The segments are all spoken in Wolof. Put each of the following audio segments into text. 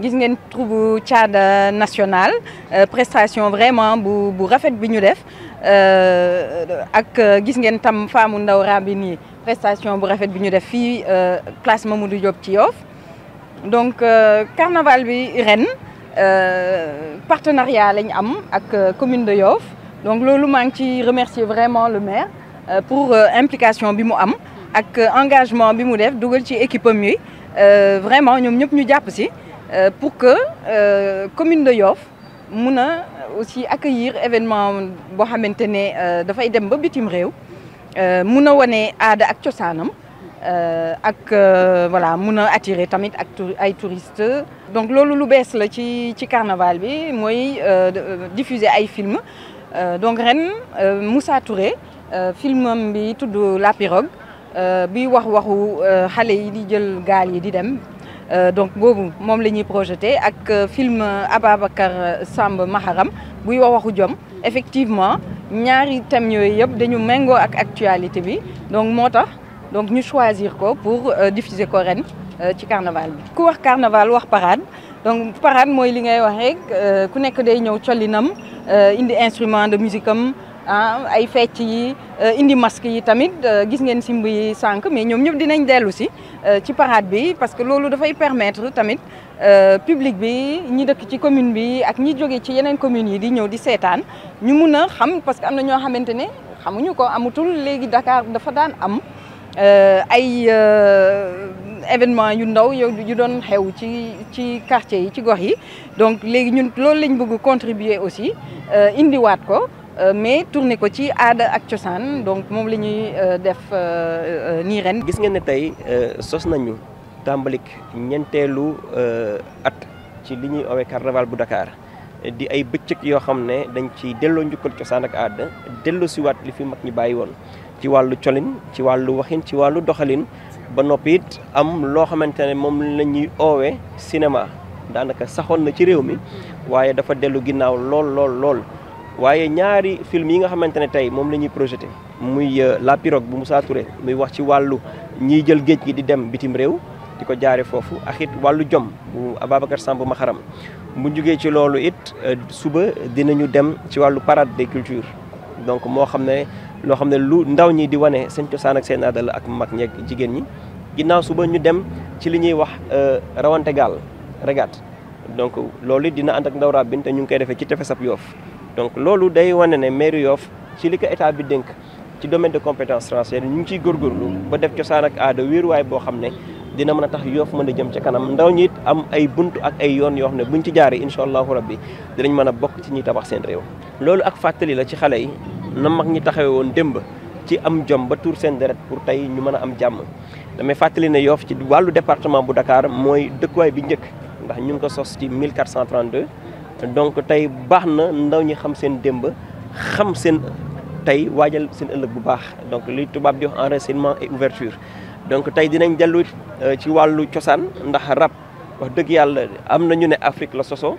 gis ngeen troubu caada national euh, prestation vraiment bu bu rafet bi ñu def euh, ak euh, gis ngeen tam faamu ndaw rabin yi prestation bu rafet bi ñu def fii place Mamadou Diop ci Yoff donc carnaval bi ren partenariat lañ am ak commune de Yoff donc loolu maa ngi ci remercier vraiment le maire pour implication bi mu am ak euh, engagement bi mu def dugal ci équipe am yi euh, vraiment ñoom ñëpp ñu jàpp si euh, pour que commune de Yoff mun a aussi accueillir événement boo xamante ne dafay dem ba bitim réew mun a wane aada ak cosaanam ak voilà mun a attirer tamit ak ay touristes. donc loolu lu bees la ci ci carnaval bi mooy diffuser ay films donc ren Moussa Touré filmam bi tudd La Pirogue. Euh, bi wax waxu euh, xale yi di jël gaal yi di dem euh, donc boobu moom la ñuy projeté ak film Ababacar Samb Maharam buy wax waxu jom effectivement ñaari thèmes yooyu yëpp dañu méngoo ak actualité bi donc moo tax donc ñu choisir ko pour diffuser ko ren ci carnaval bi. ku wax carnaval wax parade donc parade mooy li ngay wax rek ku nekk day ñëw collinam indi instrument de musique am. ah ay fecc yi euh, indi masque yi tamit euh, gis ngeen simb yi sànq mais ñoom ñëpp dinañ dellu si euh, ci parade bi parce que loolu dafay permettre tamit public bi ñi dëkk ci commune bi ak ñi jóge ci yeneen communes yi di ñëw di seetaan ñu mun a xam parce que am na ñoo xamante ne xamuñu ko amatul léegi dakaar dafa daan am ay événement yu ndaw yu doon xew ci ci quartier yi ci gox yi donc léegi ñun loolu lañ bëgg contribuer aussi indiwaat ko Euh, mais tourné ko ci aada ak cosaan donc moom la ñuy euh, def euh, nii ren. gis nga ne tey sos nañu tàmbalik ñeenteelu at ci li ñuy oowe carnaval bu dakaar di ay bëccëg yoo xam ne dañ ci delloo njukkal cosaan ak aada delloo si waat li fi mag ñi bàyyi woon ci wàllu colin ci wàllu waxin ci wàllu doxalin ba noppiit am loo xamante ne moom la ñuy oowee cinéma daanaka saxoon na ci réew mi waaye dafa dellu ginnaaw lool lool lool. waaye ñaari film yi nga xamante ne tey moom la ñuy projeté muy euh, La Pirogue bu Moussa Touré muy wax ci wàllu ñiy jël géej gi di dem bitim réew di ko jaare foofu ak it wàllu jom bu Ababacar ma xaram mu jugee ci loolu it euh, suba dinañu dem ci wàllu parade de cultures donc moo xam ne loo xam ne lu ndaw ñi di wane seen cosaan ak seen aada la ak mag ñeeg jigéen ñi ginnaaw suba ñu dem ci li ñuy wax euh, rawante gaal regaat donc loolu it dina ànd ak ndaw raab bin te ñu ngi koy defee ci tefesab Yoof donc loolu day wane ne mairie yoof ci li ko état bi dénk ci domaine de compétence transfert ñu ngi ciy góorgóorlu ba def cosaan ak aada wéeruwaay boo xam ne dina mën a tax Yoff mën a jëm ca kanam ndaw ñi am ay bunt ak ay yoon yoo xam ne ñu ci jaaree incha allahu rabbi dinañ mën a bokk ci ñuy tabax seen réew. loolu ak fàttali la ci xale yi na mag ñi taxawee woon démb ci am jom ba tuur seen deret pour tey ñu mën a am jàmm damay fàttali ne yoof ci wàllu département bu Dakar mooy dëkkuwaay bi njëkk ndax ñu ngi ko sos ci 1432. donc tey baax na ndaw ñi xam seen démb xam seen tey waajal seen ëllëg bu baax donc li tubaab di wax enracinement et ouverture donc tey dinañ dellu euh, ci wàllu cosaan ndax rab wax dëgg yàlla am na ñu ne Afrique la soso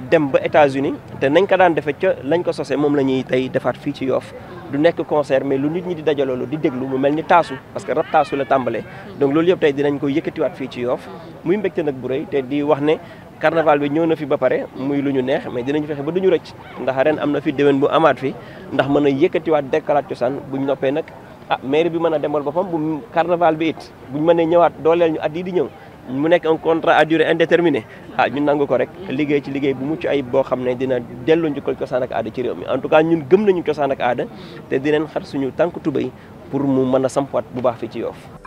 dem ba États-Unis te nañ ko daan defee ca lañ ko sosee moom la ñuy tey defaat fii ci yoof du nekk concert mais lu nit ñi di dajaloolu di déglu mu mel ni taasu parce que rab taasu la tàmbalee donc loolu yëpp tey dinañ ko yëkkatiwaat fii ci Yoff muy mbégte nag bu rëy te di wax ne carnaval bi ñëw na fi ba pare muy lu ñu neex mais dinañ fexe ba du duñu rëcc ndax ren am na fi déwén bu amaat fi ndax mën a yëkkatiwaat dekkalaat cosaan buñ noppee nag ah bi mën a demal boppam bu carnaval bi it buñ mënee ñëwaat dooleel ñu at yi di ñëw mu nekk un contrat à durée ah ñu nangu ko rek liggéey ci liggéey bu mucc ay boo xam ne dina delloo njukkal cosaan ak aada ci réew mi en tout cas ñun gëm nañu cosaan ak aada te dinañ xar suñu tànk tubéy pour mu mën a sampwaat bu baax fi ci Yoff